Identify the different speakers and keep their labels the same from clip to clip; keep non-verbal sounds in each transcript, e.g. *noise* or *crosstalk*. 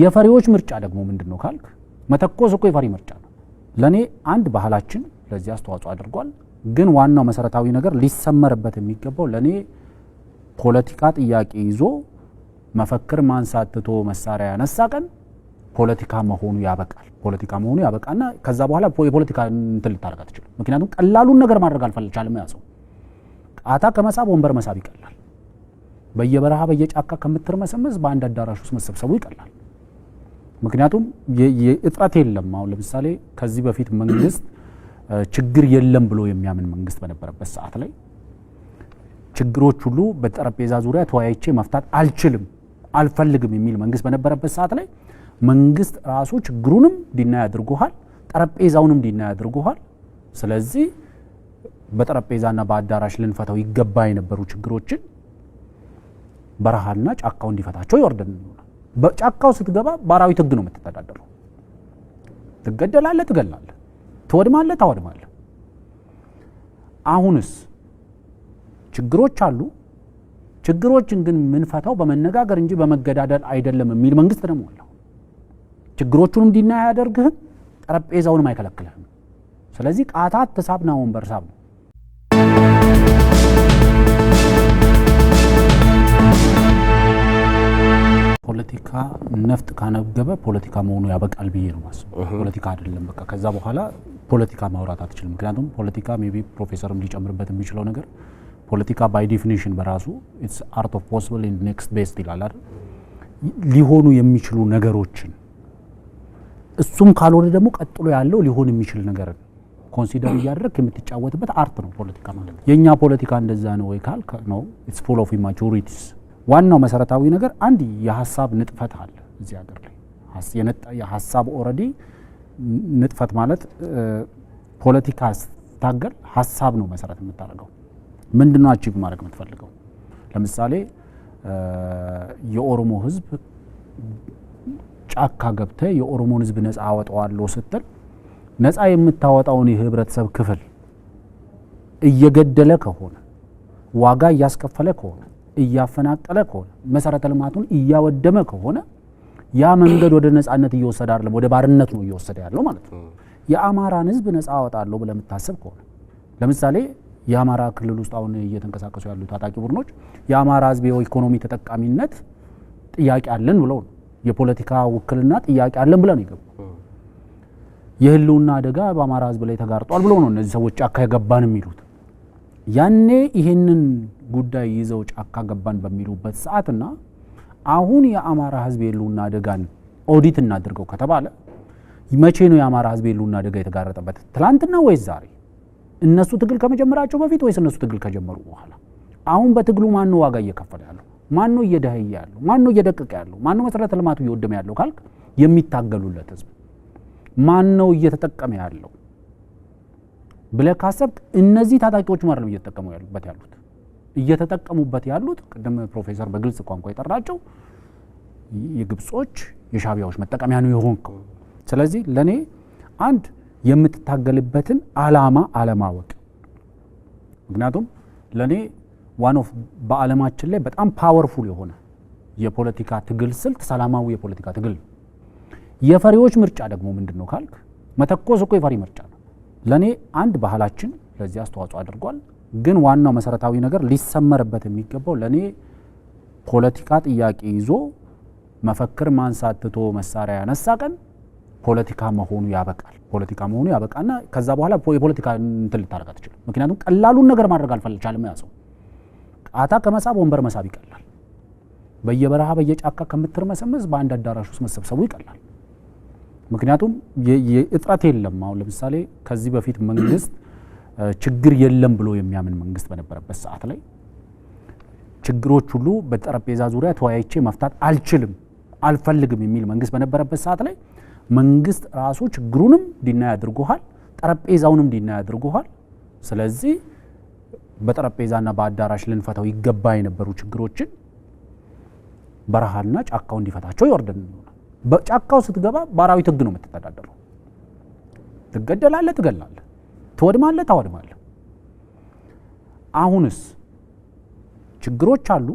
Speaker 1: የፈሪዎች ምርጫ ደግሞ ምንድን ነው ካልክ መተኮስ እኮ የፈሪ ምርጫ ነው። ለእኔ አንድ ባህላችን ለዚህ አስተዋጽኦ አድርጓል። ግን ዋናው መሰረታዊ ነገር ሊሰመርበት የሚገባው ለእኔ ፖለቲካ ጥያቄ ይዞ መፈክር ማንሳት ትቶ መሳሪያ ያነሳ ቀን ፖለቲካ መሆኑ ያበቃል። ፖለቲካ መሆኑ ያበቃና ከዛ በኋላ የፖለቲካ እንትን ልታደርግ አትችልም። ምክንያቱም ቀላሉን ነገር ማድረግ አልፈልቻልም። ያሰው ቃታ ከመሳብ ወንበር መሳብ ይቀላል። በየበረሃ በየጫካ ከምትርመሰመስ በአንድ አዳራሽ ውስጥ መሰብሰቡ ይቀላል። ምክንያቱም እጥረት የለም። አሁን ለምሳሌ ከዚህ በፊት መንግስት *clears throat* ችግር የለም ብሎ የሚያምን መንግስት በነበረበት ሰዓት ላይ ችግሮች ሁሉ በጠረጴዛ ዙሪያ ተወያይቼ መፍታት አልችልም አልፈልግም የሚል መንግስት በነበረበት ሰዓት ላይ መንግስት ራሱ ችግሩንም ዲና ያድርጎሃል፣ ጠረጴዛውንም ዲና ያድርጎሃል። ስለዚህ በጠረጴዛና በአዳራሽ ልንፈታው ይገባ የነበሩ ችግሮችን በረሃና ጫካው እንዲፈታቸው ይወርደን በጫካው ስትገባ በአራዊት ህግ ነው የምትተዳደረው። ትገደላለህ፣ ትገላለህ፣ ትወድማለህ፣ ታወድማለህ። አሁንስ ችግሮች አሉ። ችግሮችን ግን የምንፈታው በመነጋገር እንጂ በመገዳደል አይደለም የሚል መንግስት ደግሞ አለው። ችግሮቹንም እንዲና አያደርግህም፣ ጠረጴዛውንም አይከለክልህም። ስለዚህ ቃታት ተሳብና ወንበር ሳብ ነው። ነፍጥ ካነገበ ፖለቲካ መሆኑ ያበቃል ብዬ ነው ማስበው። ፖለቲካ አይደለም በቃ ከዛ በኋላ ፖለቲካ ማውራት አትችልም። ምክንያቱም ፖለቲካ ሜይ ቢ ፕሮፌሰርም ሊጨምርበት የሚችለው ነገር ፖለቲካ ባይ ዲፊኒሽን በራሱ ኢትስ አርት ኦፍ ፖስብል ኢን ኔክስት ቤስት ይላል አይደል? ሊሆኑ የሚችሉ ነገሮችን እሱም ካልሆነ ደግሞ ቀጥሎ ያለው ሊሆን የሚችል ነገርን ኮንሲደር እያደረግ የምትጫወትበት አርት ነው ፖለቲካ ማለት ነው። የእኛ ፖለቲካ እንደዛ ነው ወይ ካልክ ነው ኢትስ ፉል ኦፍ ኢማቹሪቲስ ዋናው መሰረታዊ ነገር አንድ የሀሳብ ንጥፈት አለ እዚህ ሀገር ላይ የሀሳብ ኦልሬዲ ንጥፈት ማለት ፖለቲካ ስታገል ሀሳብ ነው መሰረት የምታደርገው። ምንድን ነው አቺቭ ማድረግ የምትፈልገው? ለምሳሌ የኦሮሞ ህዝብ ጫካ ገብተ የኦሮሞን ህዝብ ነፃ አወጣዋለሁ ስትል ነፃ የምታወጣውን የህብረተሰብ ክፍል እየገደለ ከሆነ ዋጋ እያስከፈለ ከሆነ እያፈናቀለ ከሆነ መሰረተ ልማቱን እያወደመ ከሆነ ያ መንገድ ወደ ነጻነት እየወሰደ አይደለም፣ ወደ ባርነት ነው እየወሰደ ያለው ማለት ነው። የአማራን ህዝብ ነጻ አወጣለሁ ብለህ የምታስብ ከሆነ ለምሳሌ የአማራ ክልል ውስጥ አሁን እየተንቀሳቀሱ ያሉ ታጣቂ ቡድኖች የአማራ ህዝብ የኢኮኖሚ ተጠቃሚነት ጥያቄ አለን ብለው ነው የፖለቲካ ውክልና ጥያቄ አለን ብለ ነው የገቡ። የህልውና አደጋ በአማራ ህዝብ ላይ ተጋርጧል ብለው ነው እነዚህ ሰዎች ጫካ የገባን የሚሉት ያኔ ይሄንን ጉዳይ ይዘው ጫካ ገባን በሚሉበት ሰዓትና አሁን የአማራ ህዝብ የህልውና አደጋን ኦዲት እናድርገው ከተባለ መቼ ነው የአማራ ህዝብ የህልውና አደጋ የተጋረጠበት? ትላንትና ወይስ ዛሬ? እነሱ ትግል ከመጀመራቸው በፊት ወይስ እነሱ ትግል ከጀመሩ በኋላ? አሁን በትግሉ ማነው ዋጋ እየከፈለ ያለው? ማነው እየደህየ ያለው? ማነው እየደቀቀ ያለው? ማነው መሰረተ ልማቱ እየወደመ ያለው ካልክ የሚታገሉለት ህዝብ ማነው እየተጠቀመ ያለው ብለህ ካሰብክ እነዚህ ታጣቂዎች ማለት ነው እየተጠቀሙ ያሉበት ያሉት እየተጠቀሙበት ያሉት ቅድም ፕሮፌሰር በግልጽ ቋንቋ የጠራቸው የግብጾች የሻቢያዎች መጠቀሚያ ነው የሆንከው። ስለዚህ ለእኔ አንድ የምትታገልበትን አላማ አለማወቅ። ምክንያቱም ለእኔ ዋን ኦፍ በዓለማችን ላይ በጣም ፓወርፉል የሆነ የፖለቲካ ትግል ስልት ሰላማዊ የፖለቲካ ትግል ነው። የፈሪዎች ምርጫ ደግሞ ምንድን ነው ካልክ፣ መተኮስ እኮ የፈሪ ምርጫ ነው። ለእኔ አንድ ባህላችን ለዚህ አስተዋጽኦ አድርጓል። ግን ዋናው መሰረታዊ ነገር ሊሰመርበት የሚገባው ለእኔ ፖለቲካ ጥያቄ ይዞ መፈክር ማንሳት ትቶ መሳሪያ ያነሳ ቀን ፖለቲካ መሆኑ ያበቃል። ፖለቲካ መሆኑ ያበቃና ከዛ በኋላ የፖለቲካ እንትን ልታደርግ አትችልም። ምክንያቱም ቀላሉን ነገር ማድረግ አልፈልቻልም። ያሰው ቃታ ከመሳብ ወንበር መሳብ ይቀላል። በየበረሃ በየጫካ ከምትርመሰምስ በአንድ አዳራሽ ውስጥ መሰብሰቡ ይቀላል። ምክንያቱም እጥረት የለም። አሁን ለምሳሌ ከዚህ በፊት መንግስት ችግር የለም ብሎ የሚያምን መንግስት በነበረበት ሰዓት ላይ ችግሮች ሁሉ በጠረጴዛ ዙሪያ ተወያይቼ መፍታት አልችልም አልፈልግም የሚል መንግስት በነበረበት ሰዓት ላይ መንግስት ራሱ ችግሩንም ዲና ያድርጎሃል፣ ጠረጴዛውንም ዲና ያድርጎሃል። ስለዚህ በጠረጴዛና በአዳራሽ ልንፈታው ይገባ የነበሩ ችግሮችን በረሃና ጫካው እንዲፈታቸው ይወርድን። በጫካው ስትገባ በአራዊት ህግ ነው የምትተዳደረው። ትገደላለህ፣ ትገላለህ። ትወድማለህ፣ ታወድማለህ። አሁንስ ችግሮች አሉ።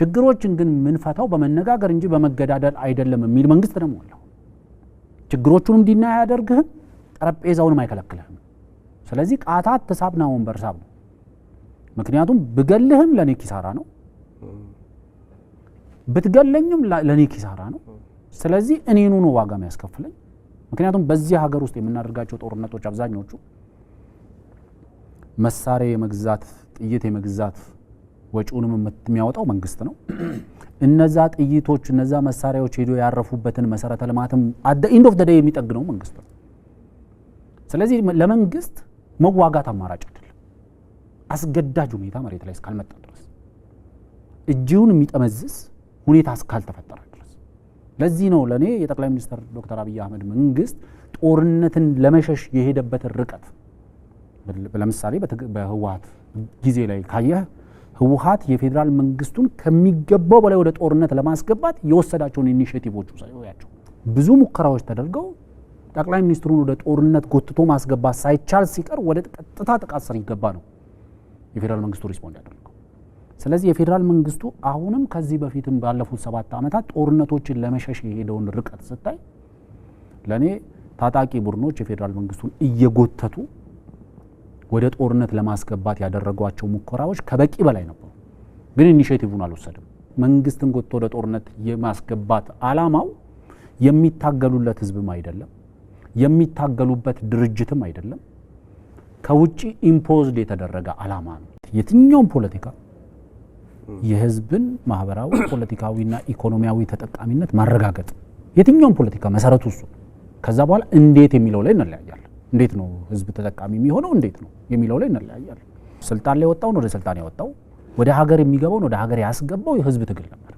Speaker 1: ችግሮችን ግን የምንፈታው በመነጋገር እንጂ በመገዳደል አይደለም የሚል መንግስት ደግሞ አለው። ችግሮቹን እንዲና አያደርግህም፣ ጠረጴዛውንም አይከለክልህም። ስለዚህ ቃታት ተሳብና ወንበር ሳብ ነው። ምክንያቱም ብገልህም ለእኔ ኪሳራ ነው፣ ብትገለኝም ለእኔ ኪሳራ ነው። ስለዚህ እኔኑ ነው ዋጋ የሚያስከፍለኝ። ምክንያቱም በዚህ ሀገር ውስጥ የምናደርጋቸው ጦርነቶች አብዛኞቹ መሳሪያ የመግዛት ጥይት የመግዛት ወጪውንም የሚያወጣው መንግስት ነው። እነዛ ጥይቶች እነዛ መሳሪያዎች ሄዶ ያረፉበትን መሰረተ ልማትም አደ ኢንድ ኦፍ ደደይ የሚጠግነው መንግስት ነው። ስለዚህ ለመንግስት መዋጋት አማራጭ አይደለም፣ አስገዳጅ ሁኔታ መሬት ላይ እስካልመጣ ድረስ እጅውን የሚጠመዝዝ ሁኔታ እስካልተፈጠረ ለዚህ ነው ለእኔ የጠቅላይ ሚኒስትር ዶክተር አብይ አህመድ መንግስት ጦርነትን ለመሸሽ የሄደበትን ርቀት ለምሳሌ በህወሀት ጊዜ ላይ ካየህ ህወሀት የፌዴራል መንግስቱን ከሚገባው በላይ ወደ ጦርነት ለማስገባት የወሰዳቸውን ኢኒሽቲቮች ያቸው ብዙ ሙከራዎች ተደርገው ጠቅላይ ሚኒስትሩን ወደ ጦርነት ጎትቶ ማስገባት ሳይቻል ሲቀር ወደ ቀጥታ ጥቃት ስር ይገባ ነው የፌዴራል መንግስቱ ሪስፖንድ ያደርገው። ስለዚህ የፌዴራል መንግስቱ አሁንም ከዚህ በፊትም ባለፉት ሰባት ዓመታት ጦርነቶችን ለመሸሽ የሄደውን ርቀት ስታይ ለእኔ ታጣቂ ቡድኖች የፌዴራል መንግስቱን እየጎተቱ ወደ ጦርነት ለማስገባት ያደረጓቸው ሙከራዎች ከበቂ በላይ ነበሩ። ግን ኢኒሽቲቭን አልወሰድም። መንግስትን ጎትቶ ወደ ጦርነት የማስገባት አላማው የሚታገሉለት ህዝብም አይደለም፣ የሚታገሉበት ድርጅትም አይደለም። ከውጭ ኢምፖዝድ የተደረገ አላማ ነው። የትኛውም ፖለቲካ የህዝብን ማህበራዊ ፖለቲካዊና ኢኮኖሚያዊ ተጠቃሚነት ማረጋገጥ የትኛውም ፖለቲካ መሰረቱ እሱ። ከዛ በኋላ እንዴት የሚለው ላይ እንለያያለን። እንዴት ነው ህዝብ ተጠቃሚ የሚሆነው እንዴት ነው የሚለው ላይ እንለያያለን። ስልጣን ላይ ወጣውን ወደ ስልጣን ያወጣው ወደ ሀገር የሚገባውን ወደ ሀገር ያስገባው የህዝብ ትግል ነበር።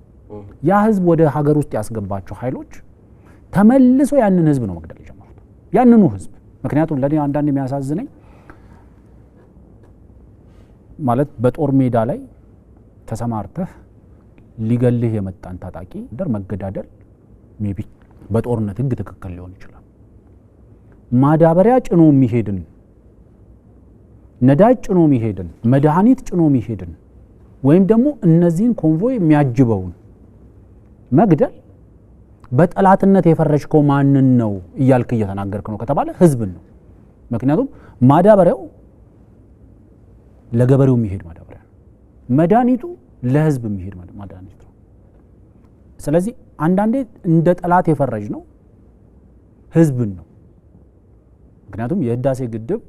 Speaker 1: ያ ህዝብ ወደ ሀገር ውስጥ ያስገባቸው ኃይሎች ተመልሶ ያንን ህዝብ ነው መግደል የጀመሩት ያንኑ ህዝብ። ምክንያቱም ለእኔ አንዳንድ የሚያሳዝነኝ ማለት በጦር ሜዳ ላይ ተሰማርተህ ሊገልህ የመጣን ታጣቂ ደር መገዳደል ሜቢ በጦርነት ህግ ትክክል ሊሆን ይችላል። ማዳበሪያ ጭኖ የሚሄድን ነዳጅ ጭኖ የሚሄድን መድኃኒት ጭኖ የሚሄድን ወይም ደግሞ እነዚህን ኮንቮይ የሚያጅበውን መግደል በጠላትነት የፈረጅከው ማንን ነው እያልክ እየተናገርክ ነው ከተባለ ህዝብን ነው። ምክንያቱም ማዳበሪያው ለገበሬው የሚሄድ ማዳበሪያ መድኃኒቱ ለህዝብ የሚሄድ መድኃኒት ነው። ስለዚህ አንዳንዴ እንደ ጠላት የፈረጅ ነው ህዝብን ነው። ምክንያቱም የህዳሴ ግድብ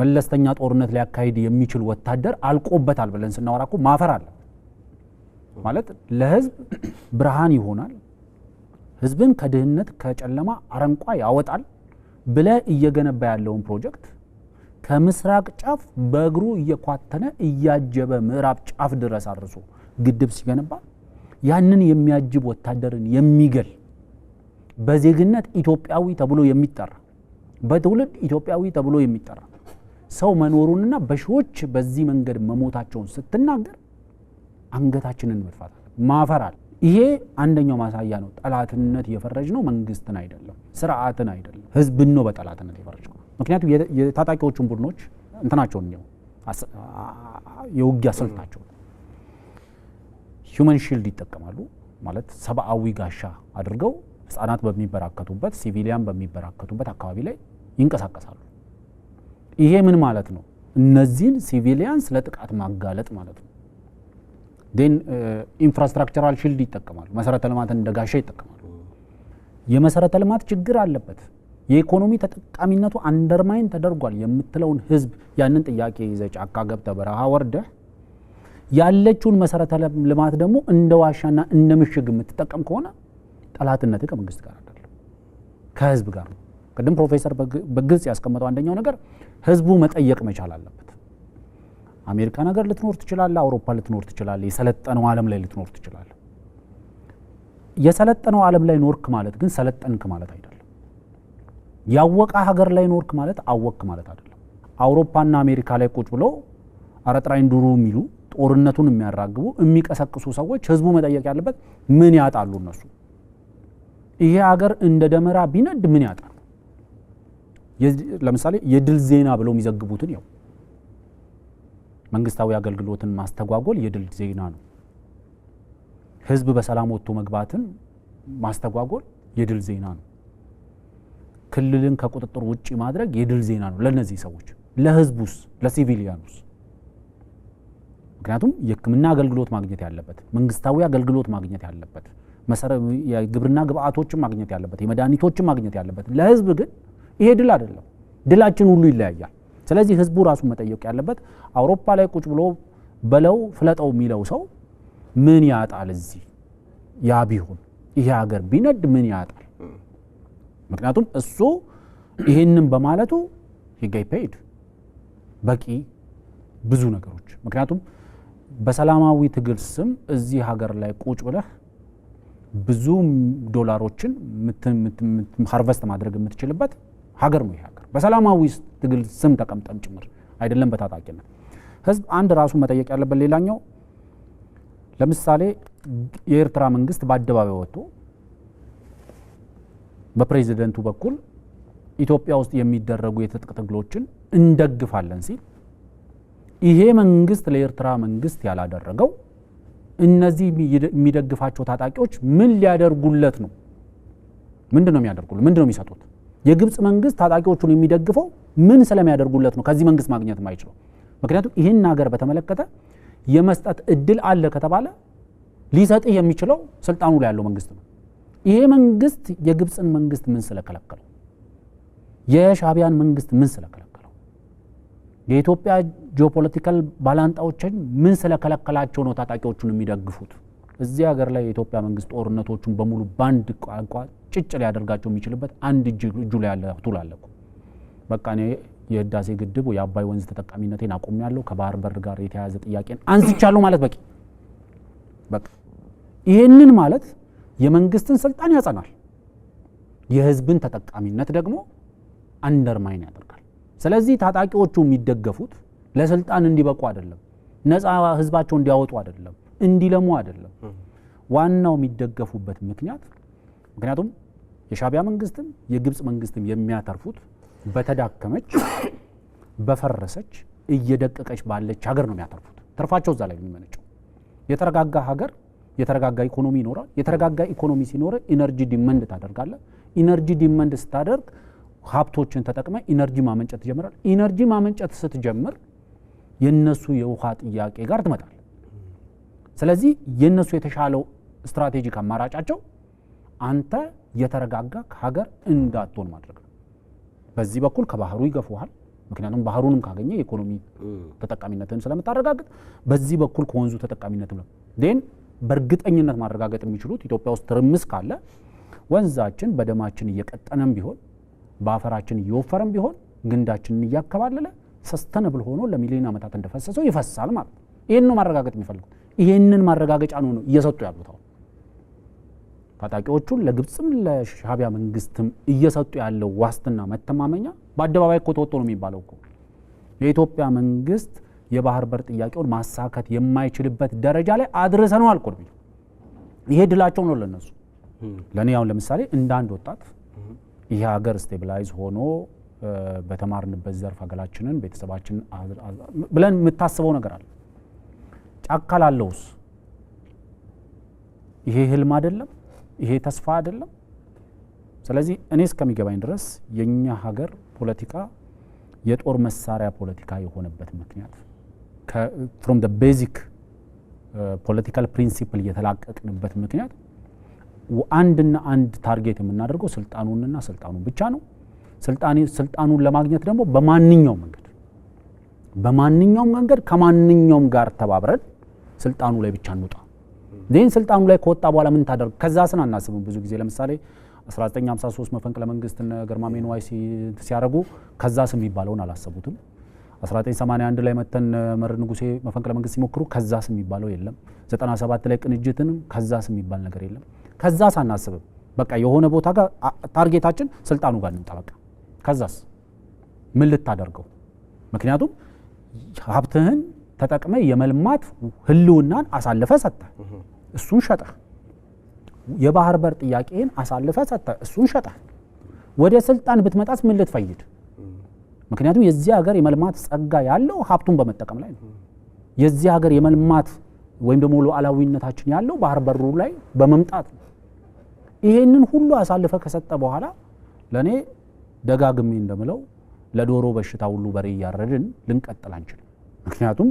Speaker 1: መለስተኛ ጦርነት ሊያካሂድ የሚችል ወታደር አልቆበታል ብለን ስናወራ እኮ ማፈር አለ ማለት ለህዝብ *clears throat* ብርሃን ይሆናል፣ ህዝብን ከድህነት ከጨለማ አረንቋ ያወጣል ብለ እየገነባ ያለውን ፕሮጀክት ከምስራቅ ጫፍ በእግሩ እየኳተነ እያጀበ ምዕራብ ጫፍ ድረስ አድርሶ ግድብ ሲገነባ ያንን የሚያጅብ ወታደርን የሚገል በዜግነት ኢትዮጵያዊ ተብሎ የሚጠራ በትውልድ ኢትዮጵያዊ ተብሎ የሚጠራ ሰው መኖሩንና በሺዎች በዚህ መንገድ መሞታቸውን ስትናገር አንገታችንን መድፋታል ማፈራል። ይሄ አንደኛው ማሳያ ነው። ጠላትነት የፈረጅ ነው መንግስትን አይደለም፣ ስርዓትን አይደለም፣ ህዝብን ነው በጠላትነት የፈረጅ ምክንያቱም የታጣቂዎቹን ቡድኖች እንትናቸውን ነው የውጊያ ስልታቸው ሂውመን ሺልድ ይጠቀማሉ። ማለት ሰብአዊ ጋሻ አድርገው ህጻናት በሚበራከቱበት ሲቪሊያን በሚበራከቱበት አካባቢ ላይ ይንቀሳቀሳሉ። ይሄ ምን ማለት ነው? እነዚህን ሲቪሊያንስ ለጥቃት ማጋለጥ ማለት ነው። ን ኢንፍራስትራክቸራል ሺልድ ይጠቀማሉ። መሰረተ ልማትን እንደ ጋሻ ይጠቀማሉ። የመሰረተ ልማት ችግር አለበት የኢኮኖሚ ተጠቃሚነቱ አንደርማይን ተደርጓል የምትለውን ህዝብ ያንን ጥያቄ ይዘ ጫካ ገብተ በረሃ ወርደህ ያለችውን መሰረተ ልማት ደግሞ እንደ ዋሻና እንደ ምሽግ የምትጠቀም ከሆነ ጠላትነት ከመንግስት ጋር አይደለም፣ ከህዝብ ጋር ነው። ቅድም ፕሮፌሰር በግልጽ ያስቀመጠው አንደኛው ነገር ህዝቡ መጠየቅ መቻል አለበት። አሜሪካ ነገር ልትኖር ትችላለ፣ አውሮፓ ልትኖር ትችላለ፣ የሰለጠነው ዓለም ላይ ልትኖር ትችላለ። የሰለጠነው ዓለም ላይ ኖርክ ማለት ግን ሰለጠንክ ማለት አይደለም። ያወቀ ሀገር ላይ ኖርክ ማለት አወቅክ ማለት አይደለም። አውሮፓና አሜሪካ ላይ ቁጭ ብሎ አረጥራይን ዱሩ የሚሉ ጦርነቱን የሚያራግቡ የሚቀሰቅሱ ሰዎች ህዝቡ መጠየቅ ያለበት ምን ያጣሉ እነሱ? ይሄ ሀገር እንደ ደመራ ቢነድ ምን ያጣሉ? ለምሳሌ የድል ዜና ብለው የሚዘግቡትን ያው መንግስታዊ አገልግሎትን ማስተጓጎል የድል ዜና ነው። ህዝብ በሰላም ወጥቶ መግባትን ማስተጓጎል የድል ዜና ነው። ክልልን ከቁጥጥር ውጭ ማድረግ የድል ዜና ነው ለእነዚህ ሰዎች። ለህዝቡስ? ለሲቪሊያኑስ? ምክንያቱም የህክምና አገልግሎት ማግኘት ያለበት፣ መንግስታዊ አገልግሎት ማግኘት ያለበት፣ የግብርና ግብአቶችን ማግኘት ያለበት፣ የመድኃኒቶችን ማግኘት ያለበት፣ ለህዝብ ግን ይሄ ድል አይደለም። ድላችን ሁሉ ይለያያል። ስለዚህ ህዝቡ ራሱ መጠየቅ ያለበት አውሮፓ ላይ ቁጭ ብሎ በለው ፍለጠው የሚለው ሰው ምን ያጣል? እዚህ ያ ቢሆን ይሄ ሀገር ቢነድ ምን ያጣል? ምክንያቱም እሱ ይህንን በማለቱ ሂጋይ ፔይድ በቂ ብዙ ነገሮች ምክንያቱም በሰላማዊ ትግል ስም እዚህ ሀገር ላይ ቁጭ ብለህ ብዙ ዶላሮችን ሀርቨስት ማድረግ የምትችልበት ሀገር ነው። ይ ሀገር በሰላማዊ ትግል ስም ተቀምጠም ጭምር አይደለም በታጣቂነት ህዝብ አንድ ራሱ መጠየቅ ያለበት ሌላኛው ለምሳሌ የኤርትራ መንግስት በአደባባይ ወጥቶ በፕሬዚደንቱ በኩል ኢትዮጵያ ውስጥ የሚደረጉ የትጥቅ ትግሎችን እንደግፋለን ሲል ይሄ መንግስት ለኤርትራ መንግስት ያላደረገው እነዚህ የሚደግፋቸው ታጣቂዎች ምን ሊያደርጉለት ነው? ምንድን ነው የሚያደርጉ? ምንድን ነው የሚሰጡት? የግብፅ መንግስት ታጣቂዎቹን የሚደግፈው ምን ስለሚያደርጉለት ነው? ከዚህ መንግስት ማግኘት ማይችለው። ምክንያቱም ይህን ሀገር በተመለከተ የመስጠት እድል አለ ከተባለ ሊሰጥህ የሚችለው ስልጣኑ ላይ ያለው መንግስት ነው። ይሄ መንግስት የግብፅን መንግስት ምን ስለከለከለው? የሻቢያን መንግስት ምን ስለከለከለው? የኢትዮጵያ ጂኦፖለቲካል ባላንጣዎችን ምን ስለከለከላቸው ነው ታጣቂዎቹን የሚደግፉት? እዚህ ሀገር ላይ የኢትዮጵያ መንግስት ጦርነቶቹን በሙሉ በአንድ ቋንቋ ጭጭ ሊያደርጋቸው የሚችልበት አንድ እጁ ላይ ያለ ቱል አለ እኮ። በቃ እኔ የህዳሴ ግድቡ የአባይ ወንዝ ተጠቃሚነቴን አቁሜያለሁ፣ ከባህር በር ጋር የተያያዘ ጥያቄን አንስቻለሁ ማለት በቂ በቃ ይሄንን ማለት የመንግስትን ስልጣን ያጸናል፣ የህዝብን ተጠቃሚነት ደግሞ አንደርማይን ያደርጋል። ስለዚህ ታጣቂዎቹ የሚደገፉት ለስልጣን እንዲበቁ አይደለም፣ ነፃ ህዝባቸው እንዲያወጡ አይደለም፣ እንዲለሙ አይደለም። ዋናው የሚደገፉበት ምክንያት ምክንያቱም የሻቢያ መንግስትም የግብፅ መንግስትም የሚያተርፉት በተዳከመች በፈረሰች እየደቀቀች ባለች ሀገር ነው የሚያተርፉት። ትርፋቸው እዛ ላይ የሚመነጨው የተረጋጋ ሀገር የተረጋጋ ኢኮኖሚ ይኖራል። የተረጋጋ ኢኮኖሚ ሲኖር ኢነርጂ ዲመንድ ታደርጋለህ። ኢነርጂ ዲመንድ ስታደርግ ሀብቶችን ተጠቅመ ኢነርጂ ማመንጨት ትጀምራል። ኢነርጂ ማመንጨት ስትጀምር የነሱ የውሃ ጥያቄ ጋር ትመጣል። ስለዚህ የነሱ የተሻለው ስትራቴጂክ አማራጫቸው አንተ የተረጋጋ ከሀገር እንዳትሆን ማድረግ ነው። በዚህ በኩል ከባህሩ ይገፉሃል። ምክንያቱም ባህሩንም ካገኘ የኢኮኖሚ ተጠቃሚነትን ስለምታረጋግጥ፣ በዚህ በኩል ከወንዙ ተጠቃሚነትም ነው በእርግጠኝነት ማረጋገጥ የሚችሉት ኢትዮጵያ ውስጥ ትርምስ ካለ ወንዛችን በደማችን እየቀጠነም ቢሆን በአፈራችን እየወፈረም ቢሆን ግንዳችንን እያከባለለ ሰስተነብል ሆኖ ለሚሊዮን ዓመታት እንደፈሰሰው ይፈሳል ማለት ነው። ይህን ነው ማረጋገጥ የሚፈልጉት። ይህንን ማረጋገጫ ነው ነው እየሰጡ ያሉት አሁን ታጣቂዎቹን ለግብፅም ለሻቢያ መንግስትም እየሰጡ ያለው ዋስትና መተማመኛ በአደባባይ እኮ ተወጥቶ ነው የሚባለው እኮ የኢትዮጵያ መንግስት የባህር በር ጥያቄውን ማሳካት የማይችልበት ደረጃ ላይ አድርሰነዋል እኮ ነው። ይሄ ድላቸው ነው ለነሱ። ለእኔ አሁን ለምሳሌ እንደ አንድ ወጣት ይሄ ሀገር ስቴብላይዝ ሆኖ በተማርንበት ዘርፍ ሀገራችንን ቤተሰባችን ብለን የምታስበው ነገር አለ። ጫካ ላለውስ ይሄ ህልም አይደለም፣ ይሄ ተስፋ አይደለም። ስለዚህ እኔ እስከሚገባኝ ድረስ የእኛ ሀገር ፖለቲካ የጦር መሳሪያ ፖለቲካ የሆነበት ምክንያት ፍሮም ደ ቤዚክ ፖለቲካል ፕሪንሲፕል የተላቀቅንበት ምክንያት አንድና አንድ ታርጌት የምናደርገው ስልጣኑንና ስልጣኑን ብቻ ነው። ስልጣኑን ለማግኘት ደግሞ በማንኛውም መንገድ በማንኛውም መንገድ ከማንኛውም ጋር ተባብረን ስልጣኑ ላይ ብቻ እንውጣ። ይህን ስልጣኑ ላይ ከወጣ በኋላ ምን ታደርግ? ከዛ ስን አናስብም። ብዙ ጊዜ ለምሳሌ 1953 መፈንቅለ መንግስት እነ ግርማሜ ንዋይ ሲያደርጉ ከዛ ስም የሚባለውን አላሰቡትም። 1981 ላይ መተን መረድ ንጉሴ መፈንቅለ መንግስት ሲሞክሩ ከዛስ የሚባለው የለም። 97 ላይ ቅንጅትንም ከዛስ የሚባል ነገር የለም። ከዛስ አናስብም። በቃ የሆነ ቦታ ጋር ታርጌታችን ስልጣኑ ጋር እንምጣ። በቃ ከዛስ ምን ልታደርገው? ምክንያቱም ሀብትህን ተጠቅመ የመልማት ህልውናን አሳልፈ ሰጠ፣ እሱን ሸጠ። የባህር በር ጥያቄን አሳልፈ ሰጠ፣ እሱን ሸጠ። ወደ ስልጣን ብትመጣስ ምን ልትፈይድ ምክንያቱም የዚህ ሀገር የመልማት ጸጋ ያለው ሀብቱን በመጠቀም ላይ ነው። የዚህ ሀገር የመልማት ወይም ደግሞ ሉዓላዊነታችን ያለው ባህር በሩ ላይ በመምጣት ነው። ይሄንን ሁሉ አሳልፈ ከሰጠ በኋላ ለእኔ ደጋግሜ እንደምለው ለዶሮ በሽታ ሁሉ በሬ እያረድን ልንቀጥል አንችልም። ምክንያቱም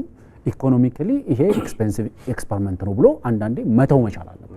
Speaker 1: ኢኮኖሚካሊ ይሄ ኤክስፐንሲቭ ኤክስፐሪመንት ነው ብሎ አንዳንዴ መተው መቻል አለበት።